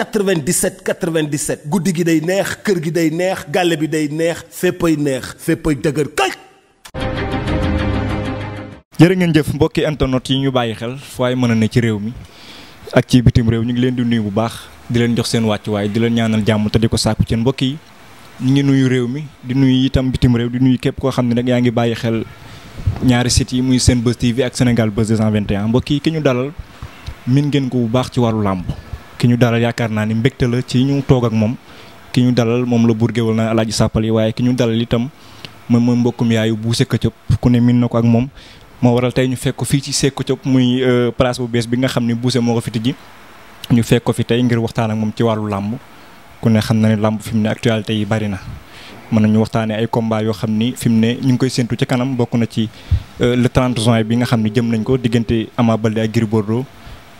97 97 guddi gi day neex kër gi day neex gàlle bi day neex féppay neex féppay dëgër kay. jërë jëf mbokki internet yi ñu bàyyi xel waaye mën a ne ci réew mi ak ci bitim réew ñu ngi leen di nuyu bu baax di leen jox seen wàccuwaay di leen ñaanal jàmm te di ko sàkku seen mbokk yi ñu ngi nuyu réew mi di nuyu itam bitim réew di nuyu képp koo xam ne rek yaa ngi bàyyi xel ñaari sites yi muy seen Senbuzz TV ak Sénégal Buzz 221 mbokk yi ki ñu dalal min ngeen ko bu baax ci wàllu làmb ki ñu dalal yaakaar naa ni mbégte la ci ñu toog ak moom ki ñu dalal moom la burgewal na alaaji sàppali waaye ki ñu dalal itam moom mooy mbokkum yaayu buuse këcëb ku ne miin na ko ak moom moo waral tey ñu fekk ko fii ci Seek Këcëb muy euh, place bu bees bi nga xam ni buuse moo ko fi tijji ñu fekk ko fi tey ngir waxtaan ak moom ci wàllu làmb ku ne xam na ne làmb fi mu ne actualité yi bari na mën nañu waxtaanee ay combat yoo xam ni fi mu ne ñu ngi koy séntu ci kanam bokk na ci euh, le 30 juin bi nga xam ni jëm nañ ko diggante Ama Baldé ak Gris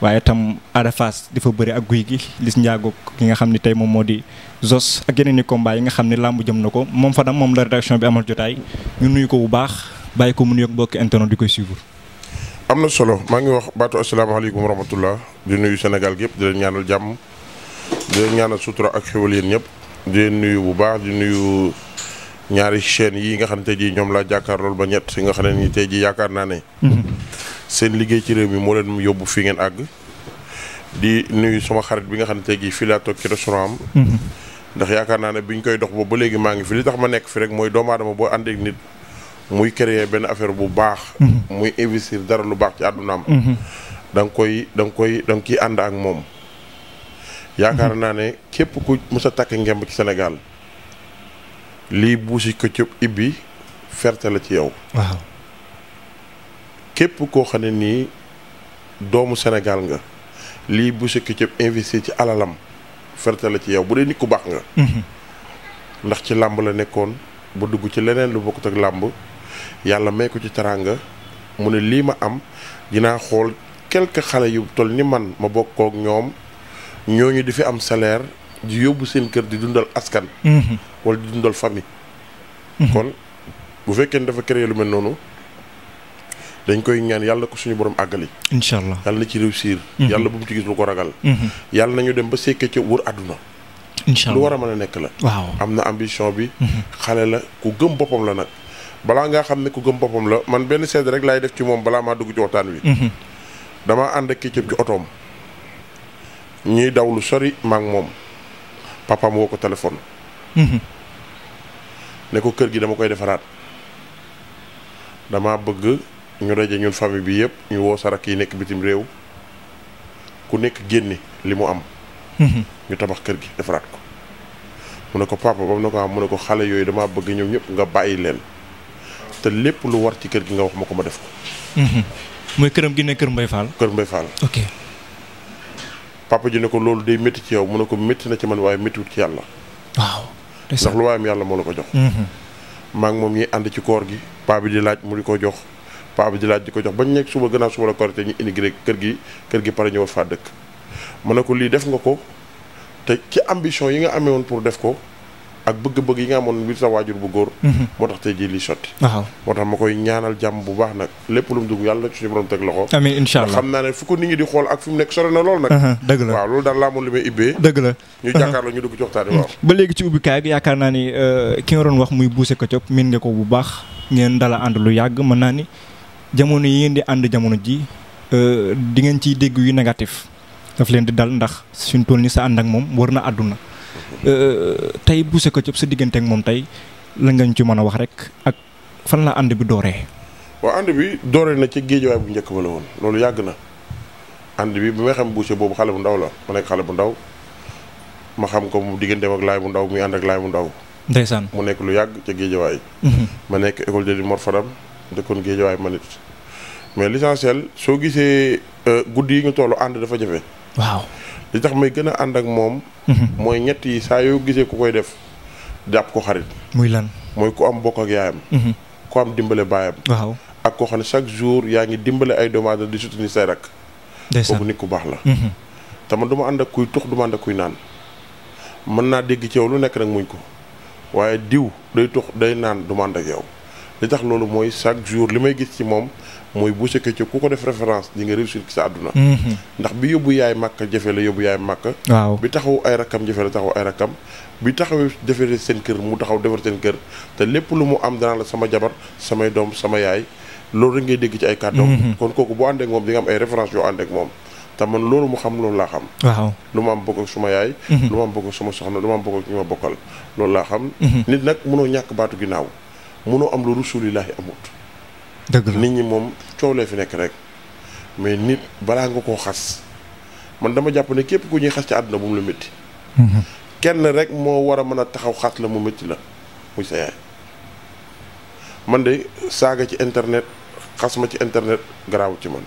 waaye tam Ada Fass di fa bëri ak guy gi Liss Ndiago ki nga xam ni tey moom moo di Zos ak yeneen i yi nga xam ni làmb jëm na ko moom Fadam moom la rédaction bi amal jotaay ñu nuyu ko bu baax bàyyi ko mu nuyoog mbokki internet di koy suivre. am na solo maa ngi wax baatu asalaamaaleykum wa rahmatullah di nuyu Sénégal gi yëpp di leen ñaanal jàmm di leen ñaanal sutura ak xéwal yéen ñëpp di nuyu bu baax di nuyu. ñaari chaîne yi nga xam ne tey jii ñoom laa jàkkaar loolu ba ñett yi nga xam ne nii tey jii yaakaar naa ne. Mm-hmm. seen liggéey ci réew mi moo leen yóbbu fi ngeen àgg. di nuyu sama xarit bi nga xam ne tey jii fii laa toog ci restaurant am. Mm-hmm. ndax yaakaar naa ne biñ koy dox boobu ba léegi maa ngi fi li tax ma nekk fi rek mooy doomu aadama boo àndeek nit. muy créer benn affaire bu baax. Mm-hmm. muy investir dara lu baax ci àddunaam. da nga koy da nga koy da ki ànd ak moom. yaakaar naa ne képp ku mës takk ngemb ci Sénégal. lii buusi këccëb ibbi ferte la ci yow. waaw képp koo xam ne nii doomu senegal nga lii buusi këccëb investir ci alalam ferte la ci yow bu dee nit ku baax nga. Mhm. ndax ci làmb la nekkoon ba dugg ci leneen lu bokkut ak làmb yàlla may ko ci teraanga mu ne lii ma am dinaa xool quelques xale yu toll ni man ma bokkook ñoom ñooñu di fi am salaire. di yóbbu seen kër di dundal askan. Mhm. wala di dundal famille. Mhm. kon bu fekkee ne dafa créer lu mel noonu dañ koy ñaan yàlla ko suñu borom àggali. incha allah yàlla na ci réussir. Mhm. yàlla ko ragal. yàlla nañu dem ba sekkee ca wër àdduna. lu war a mën a nekk la. am na ambition bi. xale la ku gëm boppam la nag. balaa nga xam ne ku gëm boppam la man benn seed rek laay def ci moom balaa maa dugg ci waxtaan wi. damaa ànd ak kii ci otoom. ñuy daw lu sori maak moom. papaam woo ko téléphone. Mhm. ne ko kër gi dama koy defaraat dama bëgg ñu daje ñun famille bi yëpp ñu woo sarak yi nekk bitim réew ku nekk génne li mu am. Mhm. ñu tabax kër gi defaraat ko. mu ne ko papa ba mu ne ko am ah, mu ne ko xale yooyu dama bëgg ñëw ñëpp nga bàyyi leen te lépp lu war ci kër gi nga wax ma ko ma def ko. mooy mhm. këram gi ne kër Mbaye Fall. kër Mbaye Fall papa ji ne ko loolu day métti ci yow mu ne ko métti na ci man waaye méttiwut ci yàlla. waaw ndax lu waayam yàlla moo la ko jox. Mm-hmm. maa ngi moom ñuy ànd ci koor gi paa di laaj mu di ko jox paa bi di laaj di ko jox bañ nekk suba gannaaw suba la korité ñu immigré kër gi kër gi pare ñëw faa dëkk. mu ne ko lii def nga ko te ci ambition yi nga amee woon pour def ko ak bëgg-bëgg yi nga amoon biir sa waajur bu góor mhm. moo tax tey jii li sotti waaw moo tax ma koy ñaanal jàmm bu baax nag lépp lu mu dugg yàlla suñu borom teg loxo amiin incha allah xam naa ne fu ko nit ñi di xool ak fi mu nekk sore na lool nag mhm, dëgg la waaw loolu daal laa la ñu mhm. jàkkaar la ñu dugg ci waxtaani waaw ba léegi ci ubbi kaay yaakaar naa ni euh, ki nga doon wax muy Boucher Ketchup miin nga ko bu baax ngeen dala ànd lu yàgg mën naa ni jamono yi ngeen di ànd jamono ji euh, di ngeen ciy dégg yu négatif daf leen di dal ndax suñ toll ni sa ak moom war na àdduna Euh, tey bu sa Ketchup sa diggante moom tey la ngañ ci mën a wax rek ak fan la ànd bi dooree. waa ànd bi dooree na ci géejawaay bu njëkk ba la woon loolu yàgg na ànd bi bi may xam buuse boobu xale bu ndaw la ma nekk xale bu ndaw ma xam ko mu digganteem ak laay bu ndaw muy ànd ak laay bu ndaw. ndeysaan mu nekk lu yàgg ca géejawaay. Mhm. ma nekk école de Mor Fadam kon géejawaay man it mais l'essentiel soo gisee euh, guddi yi nga tollu ànd dafa jafe. waaw li tax may gën a ànd ak moom. Mhm. mooy ñett yi saa yoo gisee ku koy def jàpp ko xarit. muy lan mooy ku am bokk ak yaayam. Mhm. ku am dimbale baayam. waaw ak koo xam ne chaque jour yaa ngi dimbale ay doomu di soutenir say rakk. kooku nit ku baax la. Mhm. te man du ma ànd ak kuy tux du ma ànd ak kuy naan mën naa dégg ci yow lu nekk nag muñ ko waaye diw day tux day naan du ànd ak yow. li tax loolu mooy chaque jour li may gis ci moom mooy Boucher Kétiop ku ko def référence di nga réussir ci sa àdduna mhm. ndax bi yóbbu yaay màkk jafe la yóbbu yaay màkk waaw bi taxaw ay rakkam jafe la taxaw ay rakkam bi taxaw jafe seen kër mu taxaw defar seen kër te lépp lu mu am danaa la sama jabar samay doom sama yaay loolu rek ngay dégg ci ay kàddoom mhm. kon kooku boo àndeek moom di nga am ay référence yoo àndeek moom te man loolu mu xam loolu laa xam lu ma am bokk ak yaay mhm. lu ma am soxna lu ma am ñu ma bokkal loolu laa xam nit nag mënoo ñàkk baatu ginnaaw munoo am lu rasulillahi amut. dëgg la nit ñi moom coow lee fi nekk rek mais nit balaa nga koo xas man dama jàpp ne képp ko ñuy xas ci àdduna bu mu la metti mhm. kenn rek moo war a mën a taxaw xas la mu métti la muy sa man de saaga ci internet xas ci internet garaaw ci man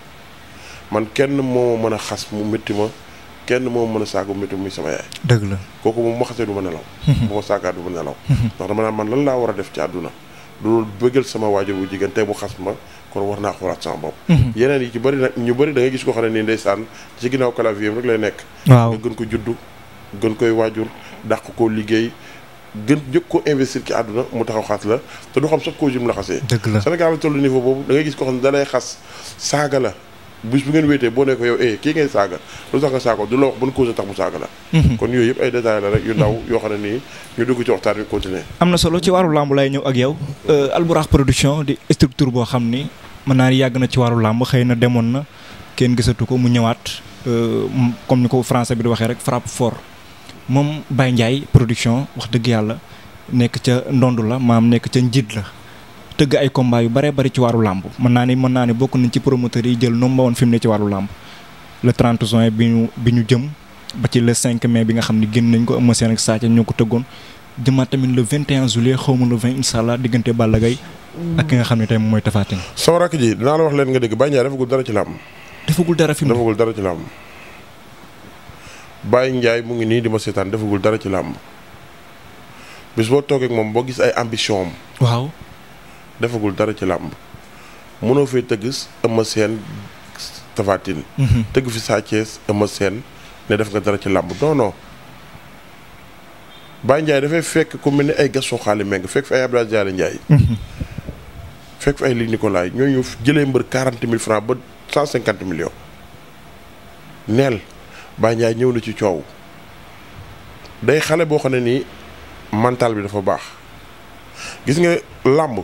man kenn moo mën a xas mu métti kenn moo mën a saaga mu métti muy kooku moom ma xasee du ma nelaw. Mhm. bu ma saagaa du nelaw. Mhm. ndax man lan laa war a def ci àdduna. loolu bëggal sama waajur bu jigéen tey mu xas ma kon war naa xoolaat sama bopp mhm. yeneen yi ci bëri nag ñu bëri da gis koo xam ne nii ndeysaan ci ginnaaw clavier rek lay nekk waaw gën ko juddu gën koy waajur dàq ko liggéey gën njëkk ko investir ci àdduna mu taxaw xas la te du xam sax koo jum la xasee Sénégal la toll niveau boobu da ngay gis ko xam ne dalay xas saaga la bu ngeen wéetee boo ne ko yow eh ngeen saaga lu tax nga saaga du la wax ban cause tax mu saaga la mhm. kon yooyu yëpp ay détails la rek yu ndaw yoo xam ne nii ñu dugg ci waxtaan bi continuer am na solo ci waaru làmb lay ñëw ak yow euh, Albourakh production di structure boo xam ni man naa yàgg na ci waaru làmb xëy na demoon na kenn gisatu ko mu ñëwaat euh, comme ni ko français bi di waxee rek frappe fort moom Baye Ndiaye production wax dëgg yàlla nekk ca ndond la maam nekk ca njiit la tëgg ay combat yu bare bëri ci wàllu làmb mën naa ni mën naa ni bokk nañ ci promoteurs yi jël nomba woon fi mu ne ci wàllu làmb le 30 juin bi ñu bi ñu jëm ba ci le 5 mais bi nga xam ne génn nañ ko Eumeu Sène ak Sa Thiès ñoo ko tëggoon jëmaat tamit le 21 juillet xaw ma le 20 incha allah diggante Balla Gaye ak ki nga xam ne tey mooy Tapha Tine. sama rakk ji dinaa la wax leen nga dégg Baye Ndiaye defagul dara ci làmb. defagul dara fi mu defagul dara ci làmb. Baye Ndiaye mu ngi nii di ma seetaan defagul dara ci làmb bis toogee moom boo gis ay ambition am. waaw defagul dara ci làmb mënoo fay tëgg Eumeu Sène mhm. tëgg fi Sa Thiès Eumeu Sène ne def nga dara ci làmb non non Baye dafay fekk ku mel ni ay Gaston Xaali Meng fekk fi ay Abdoulaye Diallo Ndiaye mhm. fekk fi ay Luc Nicolaï ñooñu jëlee mbër quarante mille ba cent cinquante millions neel Baye Ndiaye ñëw na ci coow day xale boo xam ne nii mantaal bi dafa baax gis nga làmb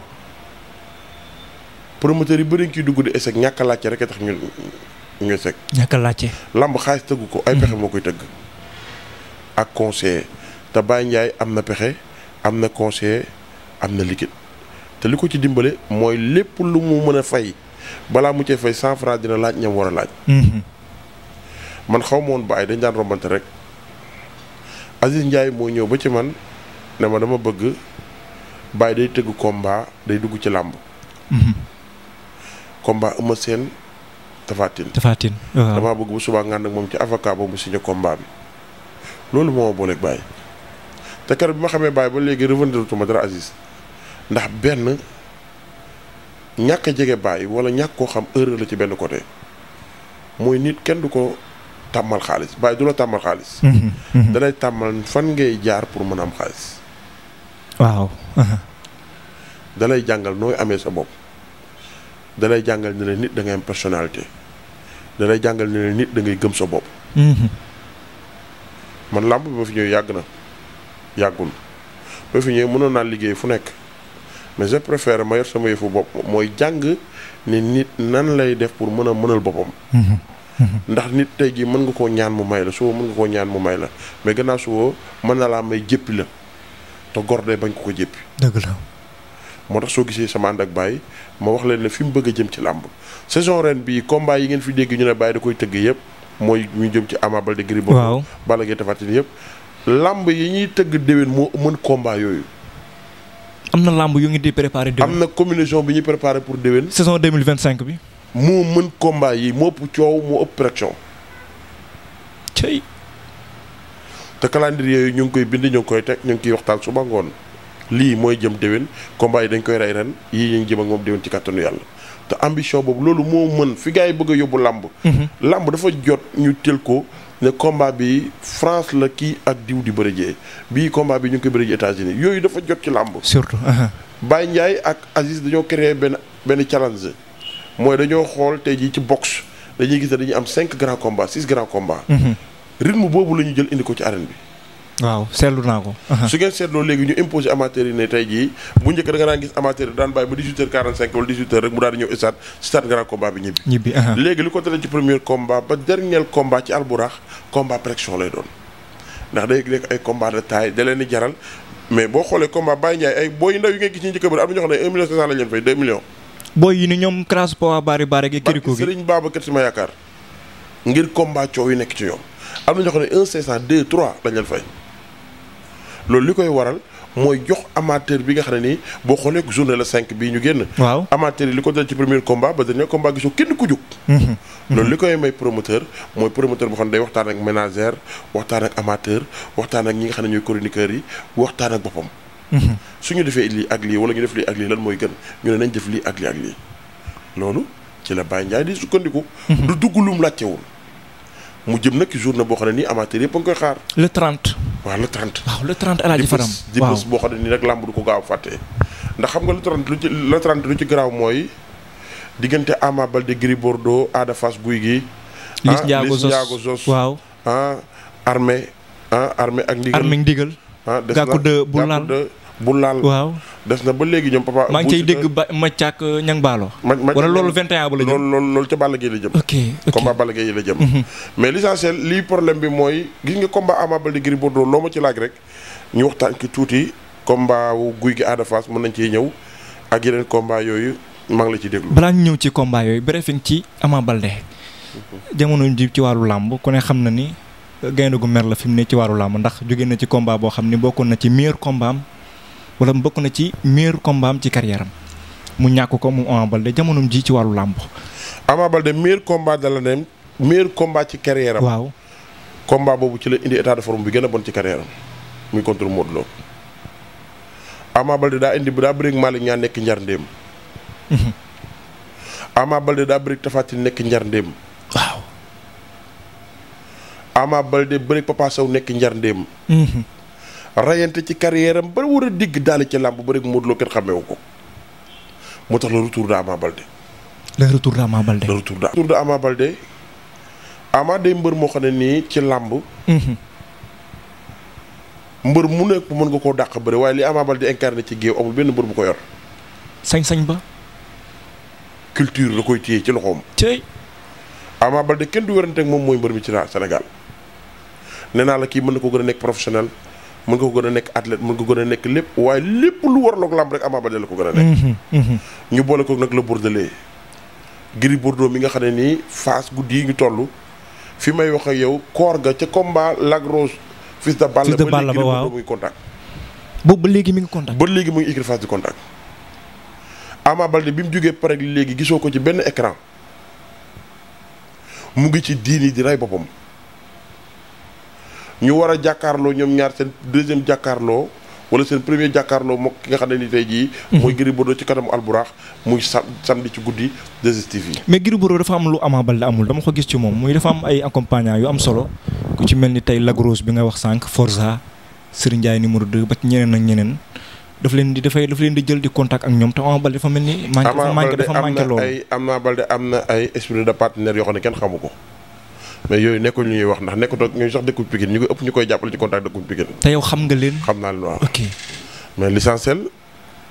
promoteur yi bëri nga ciy dugg di échec ñàkk a laajte rek tax ñu ñu lamb xaalis tëggu ko. ay pexe mhm. moo koy tëgg. ak conseiller te Baye Ndiaye am na pexe am na conseiller am na liquide te li ko ci dimbale mooy lépp lu mu mën a fay balaa mu cee fay cent franc dina laaj ñam war a laaj. Mhm. man xaw ma woon Baye dañ daan rombante rek Aziz Ndiaye moo ñëw ba ci man ne ma dama bëgg Baye day tëgg combat day dugg ci làmb. Mhm. combat Eumeu Sène Tapha Tine. Tapha damaa bëgg bu subaa nga ànd moom ci avocat boobu mu signé combat bi loolu moo ma booleeg Baye te keroog bi ma xamee Baye ba léegi revenir tuma dara Aziz ndax benn ñàkk a jege Baye wala ñàkk koo xam erreur la ci benn côté mooy nit kenn du ko tàmmal xaalis Baye du la tàmmal xaalis. Mhm, mhm. danay tàmmal fan ngay jaar pour mën am xaalis. waaw. dalay jàngal nooy amee sa bopp. dalay jàngal ne nit da ngay am jàngal ne la nit gëm sa bopp. Mm-hmm. man làmb bi ma fi ñëw yàgg na yàggul ba fi ñëw mënoon naa liggéey fu nekk mais je ma yor sama yëfu bopp mooy jàng ne nit nan lay def pour mën a mënal boppam. Mm-hmm. Mm-hmm. ndax nit tey jii mën nga koo ñaan mu may la su mën nga koo ñaan mu may la mais gannaaw suba mën na laa may jëppi la te gor day bañ ko ko jëppi. dëgg la moo tax soo gisee sama ànd ak bàyyi ma wax leen ne fi mu bëgg a jëm ci làmb saison ren bi combat yi ngeen fi dégg ñu ne bàyyi da koy tëgg yëpp mooy ñu jëm ci Ama Baldé Gris Bordeaux. waaw te Gaye Tapha yëpp. làmb yi ñuy tëgg déwén moo mën combat yooyu. am na làmb yu ngi di préparé déwén. am na combinaison bi ñu préparé pour déwén. saison 2025 bi. moo mën combat yi moo ëpp coow moo ëpp pression. cey. te calendrier yooyu ñu ngi koy bind ñu ngi koy teg ñu ngi koy waxtaan suba ngoon. lii mooy jëm déwén combat yi dañ koy rey ren yi ñu ngi jëm ak moom déwén ci kàttanu yàlla te ambition boobu loolu moo mën fi gars yi bëgg yóbbu làmb mhm. làmb dafa jot ñu tel ko ne combat bi France la kii ak diw di bëri jee bii combat bi ñu ngi koy bëri ji unis yooyu dafa jot ci làmb surtout Baye Ndiaye ak Aziz dañoo créer benn benn challenge mooy dañoo xool tey jii ci boxe dañuy gis ne dañuy am cinq grands combats six grands combats mhm. rythme boobu la ñu jël indi ko ci arène bi waaw seetlu naa ko. su ngeen seetloo léegi ñu imposé amateur yi ne tey jii bu njëkk da nga daan gis amateur yi daan bàyyi ba 18h45 wala 18 rek mu daal di ñëw stade stade grand combat bi ñibbi. ñibbi léegi li ko dalee ci premier combat ba dernier combat ci alburax combat pression lay doon ndax day ay combat de taille leen di jaral mais boo xoolee combat Baye Ndiaye ay booy ndaw yi ngay gis ñu njëkk a bëri am na ñoo xam ne 1 million 500 lañ leen fay 2 millions. booy yi ni ñoom nekk ci ñoom am na ñoo loolu li koy waral mooy jox amateur bi nga xam ne nii boo xoolee journée la cinq bii ñu génn. waaw yi li ko dal ci premier combat ba dernier combat gisoo kenn ku jóg. Mhm. loolu li koy may promoteur mooy promoteur boo xam ne day waxtaan ak menager waxtaan ak amateur waxtaan ak ñi nga xam ne ñooy chroniqueurs yi waxtaan ak boppam. Mhm. su ñu defee lii ak lii wala ñu def lii ak lii lan mooy gën ñu ne nañ def lii ak lii loolu ci la Baye Ndiaye di sukkandiku. Mhm. du dugg lum laajtewul. mu jëm nag journée boo xam ne nii amateur yëpp a ngi koy xaar. le 30. waaw le 30. boo xam ne nii nag làmb du ko gaaw fàtte. ndax xam nga le lu ci garaaw mooy diggante Ama Baldé Gris Bordeaux Ada Fass Guy gi. Liss ah, Ndiago Zos Liss Ndiago Zos waaw ah armée ah armée ak ndigal armée ndigal. ah des na gàkku bu laal waaw. des na ba léegi ñoom papa. maa ngi cay dégg ba Mathiak euh, Niang Ballo. wala loolu 21 ba la jëm loolu loolu ca Balla Gaye la jëm. ok ok combat Balla Gaye la mhm. mais l'essentiel lii problème bi mooy gis nga combat Ama Baldé Gris loo ma ci laaj rek ñu waxtaan ci tuuti combat wu guy gi Ada Fass mën nañ ciy ñëw ak yeneen combat yooyu maa ngi la ci déglu. balaa ñu ñëw ci combat yooyu briefing ci Ama Baldé. Mhm. jamono ji ci wàllu làmb ku ne xam na ni euh, gaynde gu mer la fi mu ne ci wàllu làmb ndax jóge na ci combat boo xam ni bokkoon na ci meilleur combat wala bokk na ci meilleur combat ci carrière mu ñàkk ko mu Ama Baldé jamonoom ji ci wàllu làmb. Ama Baldé meilleur combat da la dem ci carrière am. waaw combat boobu ci la indi état de forme bi gën a bon ci carrière am muy contre Modou Lo. Ama Baldé daa indi daa bëri Malick ñaa nekk njar ndéem. Mhm. Ama Baldé daa bëri Tapha nekk njar rayante ci carrière ba war a digg daane ci làmb ba rek Modou Lo kenn ko moo tax le retour de mbër moo xam nii ci làmb. Mhm. mbër mu nekk mën nga koo dàq bëri waaye li Ama ci géew benn mbër bu ko yor. sañ-sañ ba. culture la koy téye ci loxoom. tey. Ama Baldé kenn du moom mooy mbër mi ci Sénégal nee naa la kii mën na ko gën a nekk professionnel. mën nga ko gën a nekk athlète mën nga ko gën a nekk lépp waaye lépp lu war loog làmb rek Ama Baldé la ko gën a nekk mhm, mhm. ñu boole ko nag la Bordelais Gris Bordeaux mi nga xam ne nii fas guddi yi ñu toll fi may wax ak yow koor ga ca combat Lac Rose fils de Balla ba léegi Gris Bordeaux mu ngi contact boobu ba léegi mi ngi contact ba léegi mu ngi écurie Fass di contact Ama bi mu jógee pare léegi gisoo ko ci benn écran mu ngi ci diini di ray boppam ñu war a jàkkaarloo ñoom ñaar seen deuxième jàkkaarloo wala seen premier jàkkaarloo mook ki nga xam ne ni tey jii. Mhm. mooy Gris Bordeaux ci kanamu alburax muy sam samedi ci guddi 2STV yi. mais Gris Bordeaux dafa am lu Ama Baldé amul dama ko gis ci moom muy dafa am ay accompagnants yu am solo ku ci mel ni tey Lagros bi nga wax sànq Forza Serigne Ndiaye numéro 2 ba ci ñeneen ak ñeneen. dafa leen di dafay daf leen di jël di contact ak ñoom te Ama Baldé dafa mel ni. manqué na ay Ama Baldé de partenaire yoo xam ne kenn xamu ko. mais yooyu nekkul ñuy wax ndax nekkutoo ñuy sax dëkku Pikine ñu ko ëpp ñu koy jàppale ci contact dëkku Pikine. te yow xam nga leen. xam naa leen waaw ok mais l'essentiel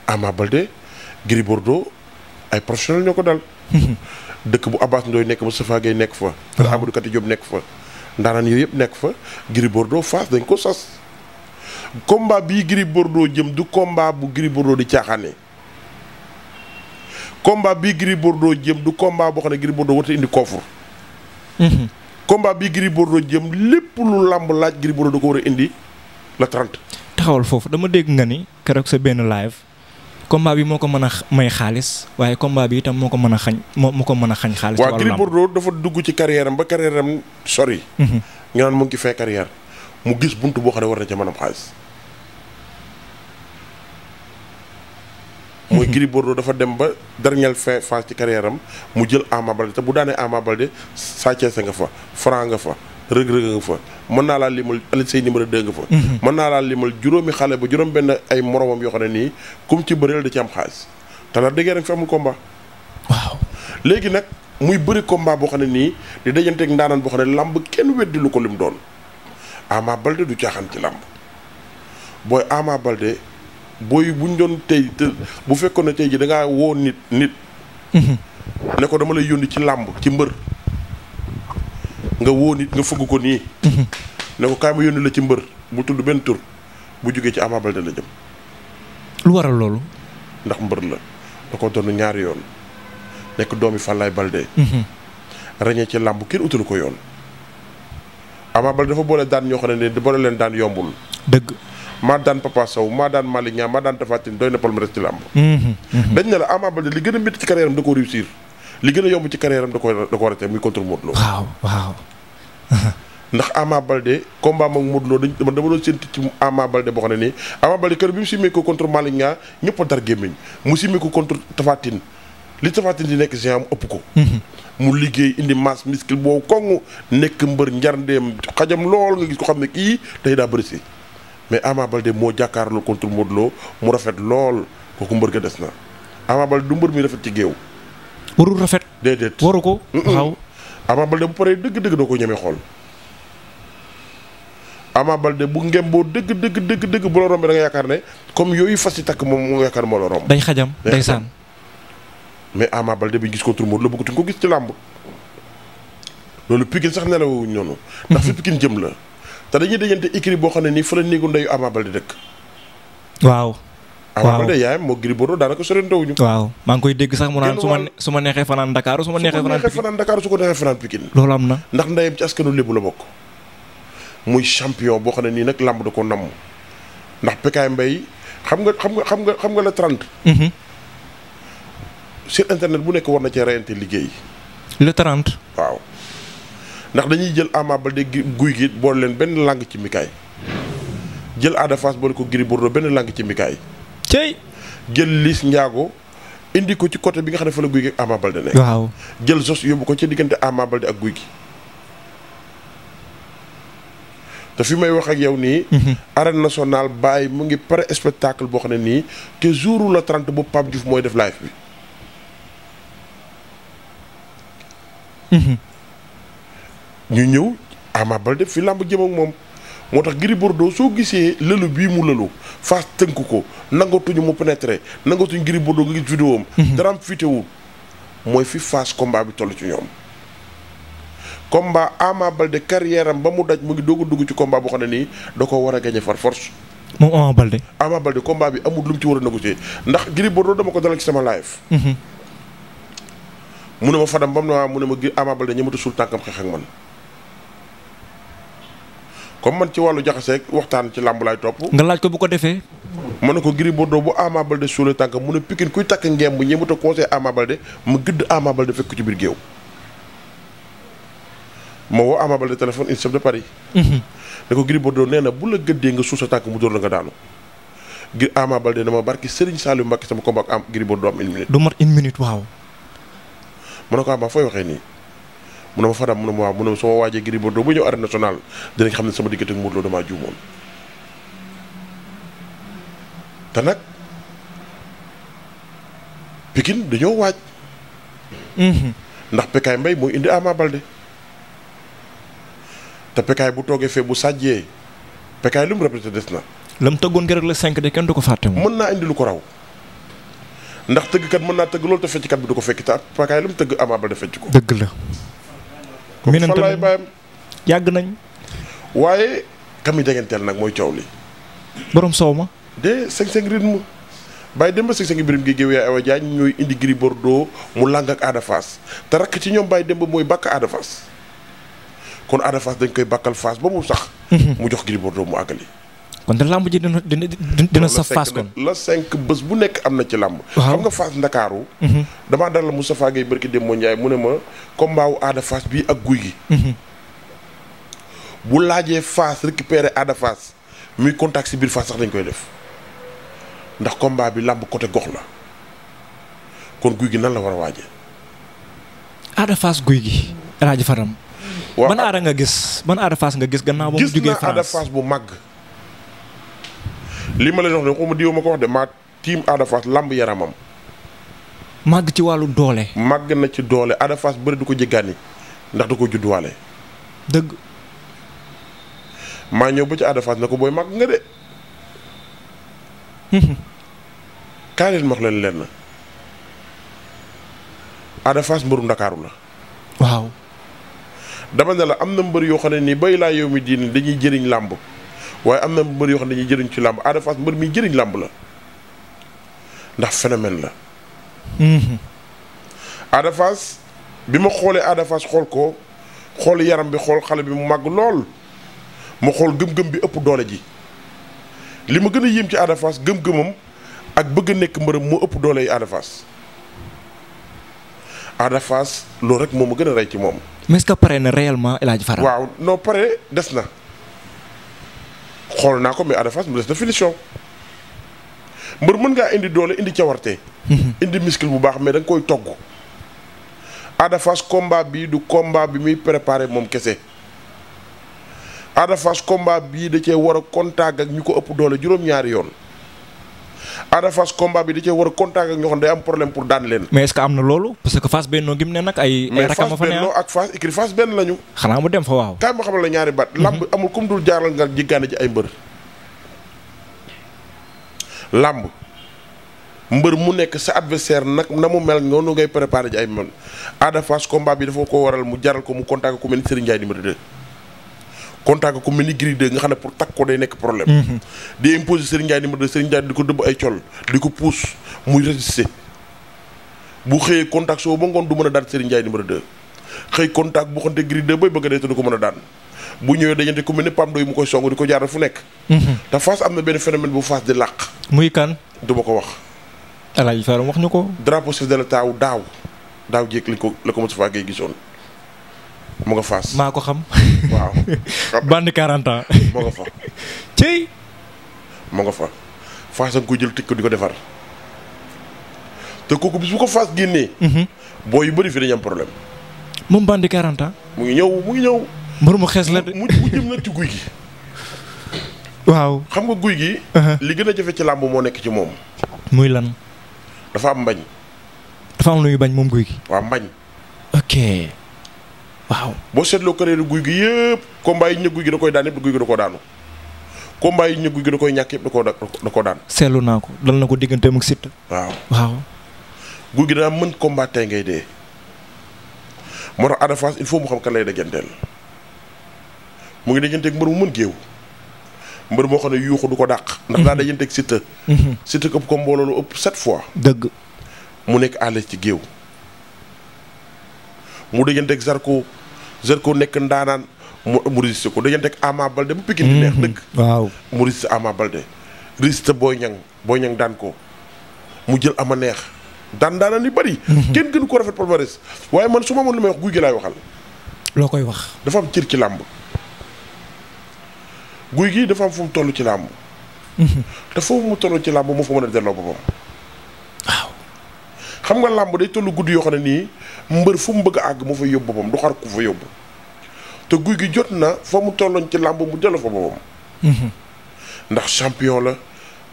Ama ko dal. Mhm. dëkk bu Abbas Ndoye nekk ba Safa Gueye nekk fa. te ah. Amadou Kati Diop nekk fa. ndaanaan yooyu yëpp nekk fa Gris Bordeaux Fass dañ ko sas combat bii Gris Bordeaux jëm du combat bu Gris di caaxaane combat bii Gris Bordeaux jëm du combat boo xam ne Gris Bordeaux warta indi koofur. combat bi Gris Bordeaux jëm lépp lu làmb laaj Gris Bordeaux da ko war a indi la 30. taxawal foofu dama dégg nga ni keroog sa benn live combat bi moo ko mën a may xaalis waaye combat bi itam moo ko mën a xañ moo moo ko mën a xañ xaalis. waaw Gris Bordeaux dafa dugg ci carrière am ba carrière am sori. Mhm. nga naan mu ngi ci fee carrière mu gis bunt boo xam ne war na ca mën a xaalis. mooy Gris Bordeaux dafa dem ba dernière fin phase ci carrière am mu jël Ama Baldé te bu daanee Ama Baldé Sa nga fa Franc nga fa rëg-rëg nga fa mën naa laa limal Alioune Seye numéro 2 nga fa mhm. mën naa laa limal juróomi xale ba juróom benn ay moromam yoo xam ne nii kum ci bëreel da ci am xaalis te la dëggee rek fi amul combat léegi nag muy bëri combat boo xam ne nii di dajanteeg ndaanaan boo xam ne làmb kenn weddi lu ko lim doon Ama Baldé du caaxaan ci làmb booy booy bu ñu doon tey te bu fekkoon ne tey ji da woo nit nit. Mhm. ne ko dama lay yónni ci làmb ci mbër. nga woo nit nga fëgg ko nii. Mhm. ne ko kaay ma la ci mbër bu tudd benn bu jógee ci Ama Baldé la jëm. lu waral loolu. ndax mbër la da ko doon ñaari yoon nekk doomi Falaye Baldé. Mhm. ràññee ci làmb kenn utalu ko yoon. Ama Baldé dafa boole daan ñoo xam ne ne boole leen daan yombul. dëgg. ma daan Papa Sow maa daan Malick Niang daan Tapha doy na palmarès ci làmb mhm, mhm. dañ ne la Ama li gën a métti ci carrière am da ko réussir li gën a yomb ci carrière am da ko da ko raté muy contre Modou Lo waaw waaw ndax Ama mu simmee ko contre Malick Niang a dar gémmiñ mu simmee ko contre Tapha li Tapha Tine di nekk géant mu ëpp ko mhm. mu liggéey indi masse muscle boobu koŋ nekk mbër njarndeem xajam lool nga gis ko xam ne kii tey daa bëri si mais Ama Baldé moo jàkkaarloo contre mu rafet lool kooku des na Ama Baldé du mi rafet ci géew. warul rafet. déedéet waru ko. bu paree dëgg-dëgg doo ko ñemee xool. Ama Baldé bu ngem boo dëgg dëgg dëgg dëgg bu la da yaakaar ne comme yooyu fas yi takk moom moo yaakaar moo la romb. mais Ama bi gis ko tur Modou Lo bëggatuñ gis ci làmb loolu Pikine sax nelawuñ noonu. ndax fi mm-hmm. Pikine jëm la. te dañuy dajante écrit boo xam ne nii fa la néegu ndeyu Ama Baldé dëkk. waaw. waaw Ama Baldé yaayam moo Gris Bordeaux daanaka sorantewuñu. waaw maa ngi koy dégg sax mu naan su ma su ma neexee fanaan Dakar su ma neexee fanaan Dakar su ko neexee fanaan Pikine. loolu am na. ndax ndeyam ci askanu lébu la bokk. muy champion boo xam ne nii nag làmb da ko namm ndax Pekaay mbay xam nga xam nga xam nga xam nga la 30. Mhm. sur internet bu nekk war na cee reyante liggéey. le 30. waaw ndax dañuy jël Ama Baldé guy gi boole leen benn làng ci mikaay jël Ada Fass boole ko Gris Bordeaux benn làng ci mikaay cey jël Liss njaago indi ko ci côté bi nga xam ne fa guy gi ak Ama Baldé nekk jël Zoss yóbbu ko ci diggante Ama Baldé ak guy gi te fi may wax ak yow nii. Mhm. arène nationale bàyyi mu ngi pare spectacle boo xam ne nii te jour la 30 bu Pape Diouf mooy def live bi. Mhm. ñu ñëw Ama Baldé fi làmb jëm moom moo tax Gris Bordeaux soo gisee lëlu bii mu lëlu Fass tënk ko nangatuñu mu pénétrer nangatuñu Gris Bordeaux nga gis vidéo am mhm. dara am fiitewul mooy fi Fass combat bi toll ci ñoom combat Ama Baldé carrière am ba mu daj mu ngi doog a dugg ci combat boo xam ne nii da ko war a gagné far force moom Ama Baldé Ama Baldé combat bi amul lu mu ci war a négocier ndax Gris Bordeaux dama ko dalal ci sama live mhm. mu ne ma fadam bam mu ne ma Ama Baldé ñëmatu suul tànkam xeex comme man ci wàllu jaxaseeg waxtaan ci làmb laay topp. nga laaj ko bu ko defee. ma ne ko Gris Bordeaux bu Ama Baldé suule tànk mu ne Pikine kuy takk ngeem bu ñëwut a conseil Ama Baldé ma gëdd Ama Baldé fekk ci biir géew. ma woo Ama Baldé téléphone INSEP de Paris. Mhm. ne ko Gris Bordeaux nee na bu la gëddee nga suuf tànk mu dóor la nga daanu. Gris Ama Baldé dama barki Serigne Saliou Mbacké sama combat am Gris Bordeaux am une minute. du mat une minute waaw. waxee nii. mu ne ma Fadam mu ne ma waaw mu ne ma soo waajee Gris Bordeaux bu ñëw arène nationale dinañ xam ne sama diggante ak Modou Lo damaa juumoon te nag pikin Pikine ñëw waaj. Mhm. ndax Pekaay Mbay mooy indi Ama Balde te Pekaay bu toogee fee bu sàjjee Pekaay lu mu répété des na. la mu tëggoon keroog la 5 de kenn du ko fàtte moom. mën naa indi lu ko raw ndax tëggkat mën naa tëgg loolu te fecckat bi du ko fekk te Pekaay lu mu tëgg Ama Balde fecc ko. dëgg la. miinam tamit yàgg nañ waaye kam yi deganteel nag mooy coow li borom soow ma de cinq cinq rythme bàyyi dem ba cinq cinq birim gi géew yaay Awa ñooy indi Gris Bordeaux mu làng ak Ada Fass te rakk ci ñoom bàyyi dem mooy bàkk Ada Fass kon Ada Fass dañ koy bàkkal Fass ba mu sax mhm. mu jox Gris Bordeaux mu àggali kon de làmb ji dina dina dina sa Fass kon la cinq bés bu nekk am na ci làmb xam nga Fass Ndakaaru mhm. damaa dalal Moustapha Gueye bërki Demba Ndiaye mu ne ma combat wu aada Fass bii ak guy gi mhm. bu laajee Fass récupérer aada Fass muy contact si biir Fass sax dañ koy def ndax combat bi làmb côté gox la kon guy gi nan la war a waaje aada Fass guy gi rajo Faram. waaw man aada nga gis man aada Fass nga gis gannaaw ba mu jugee France bu màgg. lii ma leen wax ne xaw ma ko wax de maa tiim Ada Fass yaramam. màgg ci wàllu doole. màgg na ci doole Ada Fass du ko jéggaani ndax du ko judduwaale. dëgg. maa ñëw ba ci Ada Fass na ko booy màgg nga de. Hmm. kaa leen wax leen lenn Ada Fass mbëru ndakaaru la. waaw. dama ne la am na mbër yoo xam ne nii bay laa yow mi dañuy jëriñ làmb. waaye am na mbër yoo xam ne dañuy jëriñ ci làmb Ada Fass mbër mi jëriñ làmb la ndax phénomène la. Mm-hmm. Ada Fass bi ma xoolee Ada xool ko xool yaram bi xool xale bi mu màgg lool mu xool gëm-gëm bi ëpp doole ji li ma gën a yéem ci Ada gëm-gëmam ak bëgg a nekk mbërëm mu ëpp doole yi Ada Fass loolu rek moo ma gën a rey ci moom. mais que pare na réellement El Hadj Fara. waaw noo pare des na. xool naa ko mais adafas mu des na finition mbër mën ngaa indi doole indi cawarte. Mhm. indi muscle bu baax mais da koy togg. Ada Fass combat bii du komba bi muy préparé moom kese. Ada Fass bii da cee war a contact ak ñu ko ëpp doole juróom-ñaari yoon. Ada Fass combat bi da cee war a contact ak ñoo xam day am problème pour daan leen. mais est ce que am na loolu parce que Fass Benno gi mu ne nag ay. ay ah. ak Fass écurie Fass benn lañu. xanaa mu dem fa waaw. kaay ma xamal la ñaari baat. Mhm. lamb amul kum dul jaaral ay mbër. lamb mbër mu nekk sa adversaire nag na mu mel noonu ngay préparé ci ay mbër Ada Fass combat bi dafa ko waral mu jaral ko mu contact ku mel ni Serigne Ndiaye numéro 2. contact ko mel ni Gris nga xam ne pour takk ko day nekk problème. Mhm. di imposer Serigne Ndiaye numéro 2 Serigne Ndiaye di ko dëbb ay col di ko pousse muy résister bu xëyee contact soo ba ngoon du mën a daan Serigne Ndiaye numéro 2. xëy contact bu xante Gris bay bëgg a dee te du ko mën a daan bu ñëwee dañante ku mel ni PAM doy mu koy song di ko jaar fu nekk. Mhm. te Fass am na benn phénomène bu Fass di làq. muy kan. du ma ko wax. Alaaji Faram wax ñu ko. drapeau chef de l'État daaw daaw jéeg ko la ko Moustapha Gueye gisoon mu nga Fass. maa ko waaw. bande 40 ans. moo nga fa. cey. moo nga fa faas koy jël tëj ko di ko defar te kooku bis su ko faas génnee. Mhm. boo yu bëri fii dañu am problème. moom bande 40 mu ngi ñëw mu ngi ñëw. mbër mu xees la de mu jëm nag ci guy gi. waaw xam nga guy gi. Uh-huh. li gën a jafe ci làmb moo nekk ci moom. muy lan. dafa am mbañ. dafa am lu muy bañ moom guy gi. waaw mbañ. ok. waaw boo seetloo carrière guy gi yëpp combat yi ñu ne guy gi da koy daan yëpp da guy gi da koo daanu combat yi ñu ne guy gi da koy ñàkk yëpp da koo da koo daan seelu naa ko dal na ko digganteem ak Siteu waaw guy gi danaa mën combat tey ngay dee moo tax Ada il faut mu xam kan lay dajanteel mu ngi dajanteeg mbër mu mën géew mbër moo ne yuuxu du ko dàq ndax daa mhm. dajanteeg Siteu mhm. Siteu këpp ko mbooloo ëpp sept fois dëgg mu nekk à ci géew mu dajanteeg Zarko ko nekk ndaanaan mu registré ko dajante ak Ama Balde bu Pikine di neex mhm. dëgg waaw mu registré Ama Balde registré Boy Niang Boy Niang daan ko mu jël ama neex daan daanaan li bëri mhm. kenn gënu ko rafet palmarès waaye man su ma amoon li may wax guy gi laay waxal loo koy wax dafa am cër ci làmb guy gi dafa am fu mu toll ci làmb mhm. te foofu mu toll ci làmb moo fa mën a delloo boppam xam nga làmb day tollu guddi yoo xam ne nii mbër fu mu bëgg àgg mu fa yóbbu boppam du xar ku fa yóbbu te guy gi jot na fa mu tolloon ci làmb mu dellu fa boppam. Mhm. ndax champion la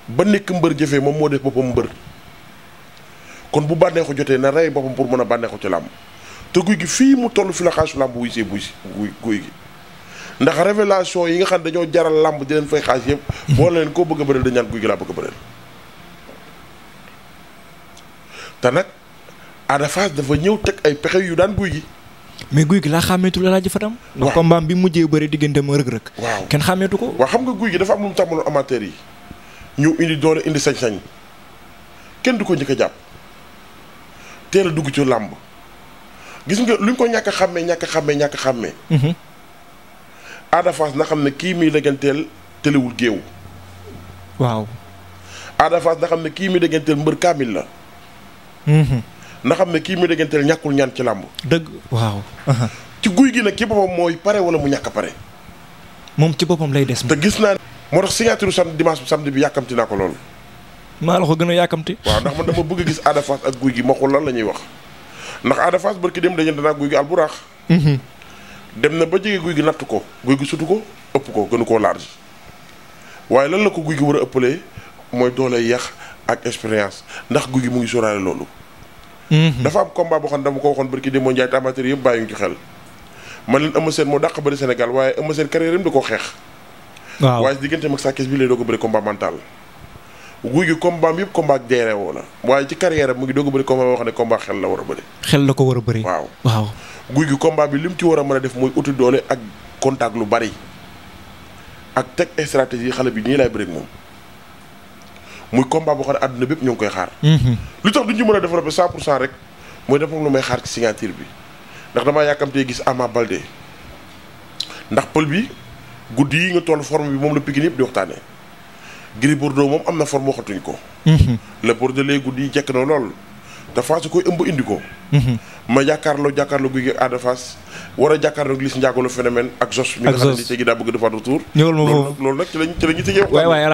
ba nekk mbër jëfee moom moo def boppam mbër kon bu bànneexu jotee na rey boppam pour mën a bànneexu ci làmb te guy gi fii mu toll fi la xaalisu làmb wuy bu buy si guy gi ndax révélation yi nga xam ne dañoo jaral làmb di leen fay xaas yëpp. Mhm. boo leen koo bëgg a bëreel dañu naan guy gi te nag Ada dafa ñëw teg ay pexe yu daan guy gi. mais guy gi laa xàmmeetul Alaaji Fadam. waaw combat bi mujjee bëri diggante ma rëg rëg. waaw kenn xàmmeetu ko. waaw xam nga guy gi dafa am lu mu tàmbalu amateur yi. ñu indi doole indi sañ-sañ kenn du ko jëkk a jàpp teel dugg ci làmb gis nga luñ ko ñàkk a xàmmee ñàkk a xàmmee ñàkk a xàmmee. Mhm. Ada na xam ne kii muy dëgganteel tëlewul géew. waaw. Ada na xam ne kii muy dëgganteel mbër kaamil la. Mhm. na xam ne kii muy dégganteel ñàkkul ñaan ci làmb dëgg waaw. ci guy gi nag ci boppam mooy pare wala mu ñàkk pare. moom ci boppam lay des. te gis naa ne moo tax signature samedi dimanche samedi bi yàkkamti naa ko loolu. maa la ko gën a yàkkamti. waaw ndax man dama bëgg a gis Ada Fass ak guy gi ma xool lan la ñuy wax ndax Ada Fass barki dem dañu danaa guy gi alburaax. Mhm. dem na ba jege guy gi natt ko guy gi sutu ko ëpp ko gënu koo large waaye lan la ko guy gi war a mooy doole yax ak expérience ndax guy gi mu ngi sóoraale loolu. Mhm. dafa am combat boo xam ne dama ko waxoon barki Demba Ndiaye amateur yëpp bàyyi ñu ci xel. man leen Eumeu Sène moo dàq bëri Sénégal waaye Eumeu Sène carrière am di ko xeex. waaw waaye digganteem ak Sa bi lay doog a bëri combat mental. guy gi yëpp combat ak deere woo ci carrière am mu ngi doog a bëri combat boo xam ne combat xel la war a bëri. xel la ko war a bëri. waaw waaw guy gi combat bi lim ci war a mën a def mooy uti doole ak contact lu bari. ak teg stratégie xale bi nii laay bëri moom muy combat boo xam ne àdduna bépp ñoo ngi koy xaar. Mhm. lu tax duñ ci mën a développé 100 pour cent rek mooy dafa lu may xaar ci signature bi ndax damaa yàkkamtee gis Ama Baldé ndax pël bi guddi yi nga toll forme bi moom la Pikine yëpp di waxtaanee Gris Bordeaux moom am na forme waxatuñ ko. Mhm. le Bordelais guddi yi jekk na lool. te Fass koy ëmb indi ko. Mhm. ma jàkkaarloo jàkkaarloo guy geeg Ada Fass war a jàkkaarloo Liss Ndiago le phénomène ak Jos. ak Jos mi nga xam ne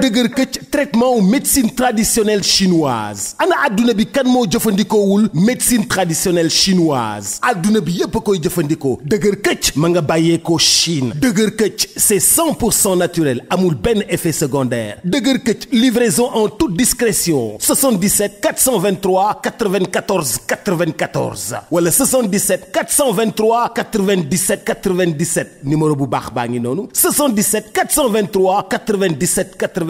dëgër këcc traitement wu médecine traditionnelle chinoise ana adduna bi kan moo jëfandikoowul médecine traditionnelle chinoise adduna bi yépp a koy jëfandikoo dëgër këcc ma nga bàyyeekoo Chine dëgër këcc c'est cent pour cent naturel amul benn effet secondaire dëgër këcc livraison en toute discrétion 77 423 94 94 wala 77 423 97 97 numéro bu baax baa ngi noonu 77 423